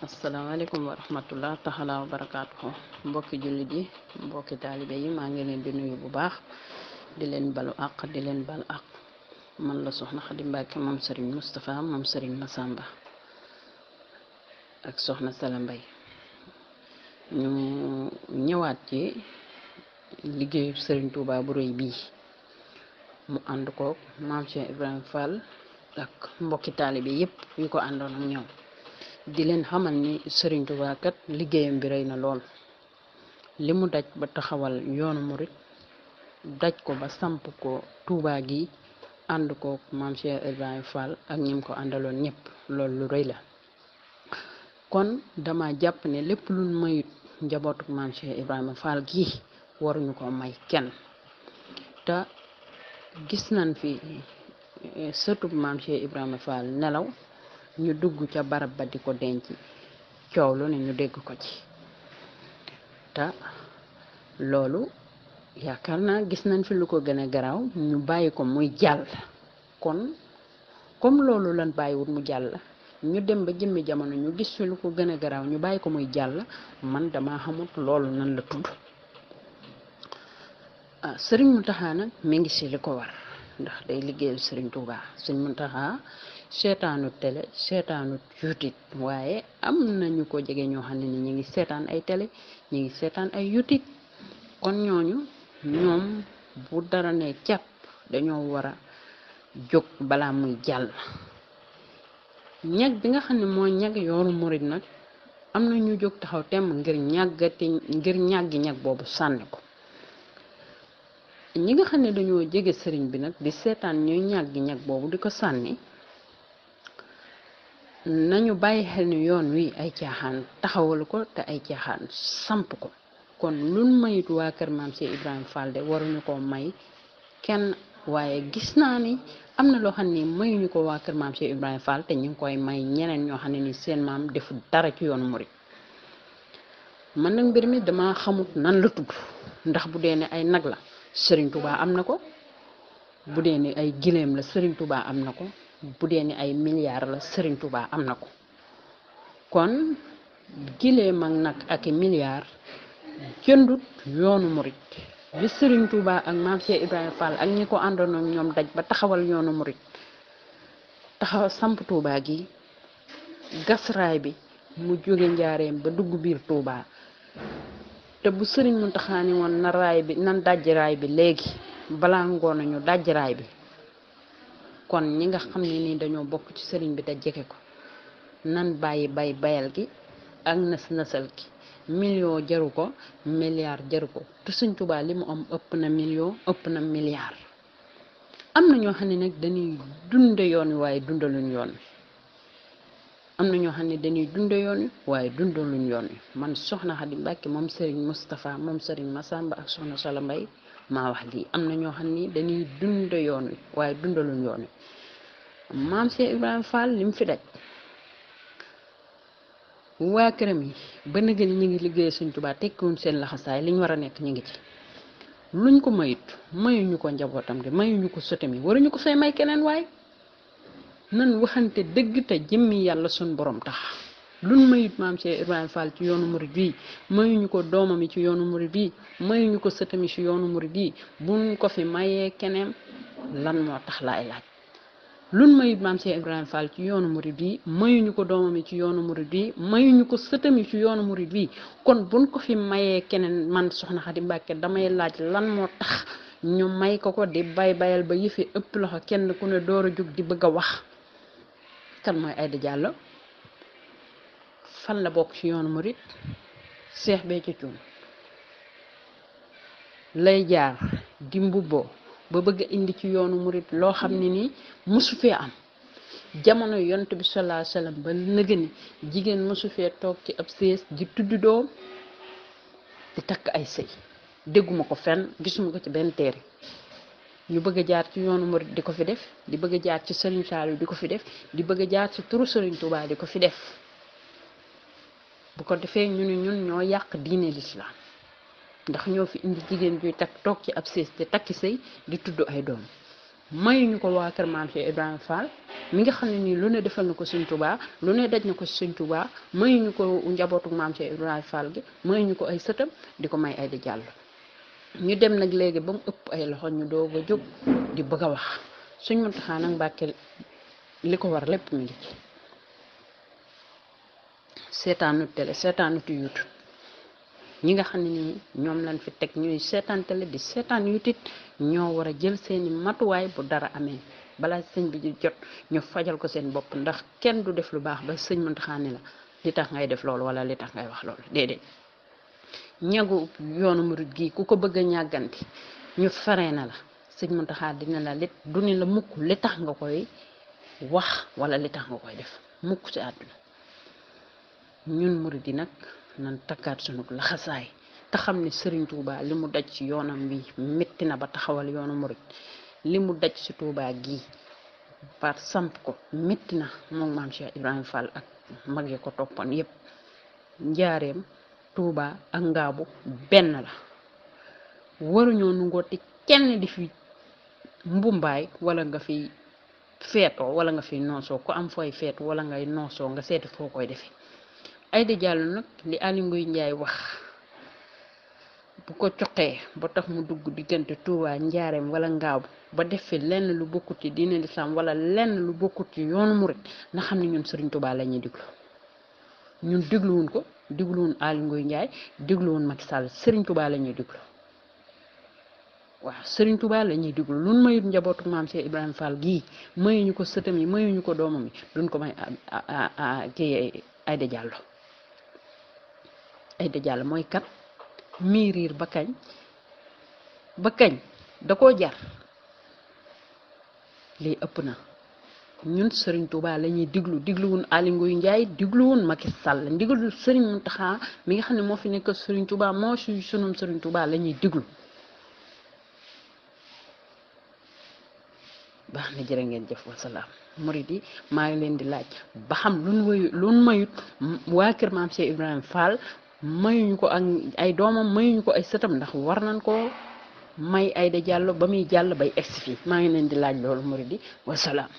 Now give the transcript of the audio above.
asalaamaaleykum wa rahmatullah taxalaa wa barakaatu mbokki jullit yi mbokki taalibe yi maa ngi leen di nuyu bu baax di leen balu àq di leen bal àq man la soxna Xadi Mbàkke moom sëriñ Moustapha moom seriñ Masamba ak soxna Sala Mbay ñu ñëwaat ci liggéeyu sëriñ Touba bu rëy bii mu ànd koog maam Cheikh Ibrahima Fall ak mbokki taalibe yépp yi ko àndoon ak ñoom di leen xamal ni Sëriñ Tuubaa liggéeyam bi rëy na lool li mu daj ba taxawal yoonu murit daj ko ba samp ko Tuubaa gi ànd ko maam Cheikh Ibrahima ak ñim ko àndaloon ñëpp loolu lu rëy la kon dama jàpp ne lépp lu mayut njabootuk maam Cheikh Ibrahima gi waruñu ko may kenn te gis nañ fi eh, sëtub maam Cheikh Ibrahima nelaw ñu dugg ca barab ba di ko denc coow lu ne ñu dégg ko ci te loolu yaakaar naa gis nañ fi lu ko gën a garaaw ñu bàyyi ko muy jàll kon comme loolu lan bàyyiwut mu jàll ñu dem ba jëmmi jamono ñu gis fi lu ko gën a garaaw ñu bàyyi ko muy jàll man dama xamut loolu nan la tudd ah sëriñ Muntaxa nag mi ngi si li ko war ndax day liggéeyal sëriñ Tuubaa sëriñ Muntaxa seetaanu télé seetaanu youtube waaye am nañu ko jege ñoo xam ne ni ñu ngi seetaan ay télé ñu ngi seetaan ay youtube kon ñooñu ñoom bu dara ne càpp dañoo war a jóg balaa muy jàll ñag bi nga xam ne moo ñag yoonu murit nag am na ñu jóg taxaw temm ngir ñàggati ngir ñàggi ñag boobu sànni ko ñi nga xam ne dañoo jege sëriñ bi nag di seetaan ñuy ñàggi ñag boobu di ko sànni nañu bàyyi xel ni yoon wii ay caaxaan taxawal ko te ay caaxaan samp ko kon lu mayut waa kër maam si Ibrahima Fall de waruñu ko may kenn waaye gis naa ni am na loo xam ne mayuñu ko waa kër maam si Ibrahima Fall te ñu ngi koy may ñeneen ñoo xam ne ni seen maam defu dara ci yoon murit man nag mbir mi dama xamut nan la tudd ndax bu dee ne ay nag la sëriñ Touba am na ko bu dee ne ay gileem la sëriñ tubaa am na ko bu dee ni ay milliards la Serigne Touba am na ko kon gileem ak nag ak milliar jëndut yoonu murit bi sëriñ Touba ak maam Cheikh Ibrahima Fall ak ñi ko àndoon ak ñoom daj ba taxawal yoonu murit taxaw samp Touba gi gasraay bi mu jóge njaareem ba dugg biir Touba te bu sëriñ mu ni woon na raay bi nan daj raay bi léegi balaa ngoon ñu daj raay bi. kon ñi nga xam ne nii dañoo bokk ci sëriñ bi te jege ko nan bàyyi bay bayal gi ak nas nasal gi million jaru ko milliard jaru ko te Sëriñ Tuubaa li mu am ëpp na million ëpp na milliard am na ñoo xam ne nag dañuy dunde yoon wi waaye dundaluñ yoon wi am na ñoo xam ne dañuy dunde yoon waaye dundaluñ yoon man soxna Xadi Mbàkke moom sëriñ Moustapha moom sëriñ Massamba ak soxna Sala Mbay maa wax lii am na ñoo xam ni dañuy dund yoon wi waaye dundaluñ yoon wi maam Cheikh Ibrahima Fall li fi daj waa këram yi ba nëgëni ñu ngi liggéey Sëñ Tuubaa tekkiwuñ seen laxasaay liñ war a nekk ñu ngi ci luñ ko mayut mayuñu ko njabootam de mayuñu ko sotam yi ñu ko fay may keneen waaye nan waxante dëgg te jëmmi yàlla suñ borom tax lun mayut maam Cheikh Ibrahima Fall ci yoonu murid bi mayuñu ko doomam yi ci yoonu murid bi mayuñu ko sëtam yi ci yoonu murid bi buñ ko fi mayee keneen lan moo tax laay laaj lun mayut maam Cheikh ci yoonu murid bi mayuñu ko doomam yi ci yoonu murid bi mayuñu ko sëtam yi ci yoonu murid bi kon buñ ko fi mayee keneen man soxna Xadi Mbàkke damay laaj lan moo tax ñu may ko ko di bay bayal ba yëfi ëpp loxo kenn ku ne door a jóg di bëgg a wax kan mooy Aïda Diallo fan la bokk ci yoonu murit Cheikh Béthio Thioune lay jaar di mbubboo ba bëgg indi ci yoonu murit loo xam ne nii mosu fee am jamono yont bi salaa salaam ba nëgë jigéen mosu fee toog ci ab sées di tudd doom di takk ay sëy dégguma ko fenn gisuma ko ci benn téere ñu bëgg jaar ci yoonu murit di ko fi def di bëgg jaar ci Serigne Saliou di ko fi def di bëgg jaar ci turu Serigne Touba di ko fi def bu ko defee ñu ne ñun ñoo yàq diine lislaam ndax ñoo fi indi jigéen juy takk toog ci ab sées te takki sëy di tudd ay doom mayuñu ko waa kër maam Cheikh Ibrahima Fall mi nga xam ne nii lu ne defal na ko Sëñ Tuubaa lu ne daj na ko Sëñ Tuubaa mayuñu ko njabootu maam Cheikh Ibrahima Fall gi may ko ay sëtam di ko may ay di jàll ñu dem nag léegi ba mu ëpp ay loxo ñu doog a jóg di bëgg a wax suñ Muntaxaa nag Mbàkke li ko war lépp mu ngi ci seetaanut télé ñi nga xam ne nii ñoom lañ fi teg ñuy seetaan télé di seetaan YouTube ñoo war a jël seeni matuwaay bu dara amee balaa sëñ bi di jot ñu fajal ko seen bopp ndax kenn du def lu baax ba sëñ Muntaxa ni la li tax ngay def loolu wala li tax ngay wax loolu déedéet ñagu yoonu murit gi ku ko bëgg a ñàgganti ñu feree na la sëñ mun Muntaxa dina la lit du ni la mukk li tax nga koy wax wala li tax nga koy def mukk ci àdduna ñun murid yi nag nan takkaat sunu laxasaay te xam ne sëriñ Touba li mu daj ci yoonam bi métti na ba taxawal yoonu murid li mu daj si Touba gii par samp ko métti na moom maam Cheikh Ibrahima Fall ak mag yi ko toppoon yépp njaareem tuuba ak Ngaabu benn la waruñoo nu ngooti kenn di fi mbumbaay walla nga fi feetoo wala nga fi noosoo ku am fooy feet wala ngay noosoo nga seeti foo koy defee Aïda Diallo nag li Aly Ngouille wax bu ko joxee ba tax mu dugg diggante Touba Njaareem walla Ngaabu ba def fi lenn lu bokkut ci diine lislaam wala lenn lu bokkut ci yoonu murit na xam ne ñun Serigne Touba la ñuy déglu ñun dégluwun ko dégluwun Aly Ngouille Ndiaye dégluwun Macky Sall Serigne Touba la ñuy déglu waaw Serigne Touba la ñuy déglu lu mayut njabootu maam Cheikh Ibrahima Fall gii mayuñu ko sëtam yi mayuñu ko doomam yi duñ ko may kii Aïda Diallo Aïda Diallo mooy kan miiriir ba kañ ba kañ da koo jar lii ëpp na ñun sëriñ Touba la ñuy diglu digluwun Aly Ngouille Ndiaye digluwun Macky Sall ndigalu Serigne Mountakha mi nga xam ne moo fi nekk Serigne Touba moo suy sunum Serigne Touba la ñuy diglu baax na ngeen jëf wasalaam murid yi maa ngi leen di laaj ba xam lu mayut waa kër maam Cheikh Ibrahima Fall mayuñu ko ak ay doomam mayuñu ko ay sëtam ndax war nañ koo may Aida Diallo ba muy jàll bay egsi fii maa ngi leen di laaj loolu di wasalaam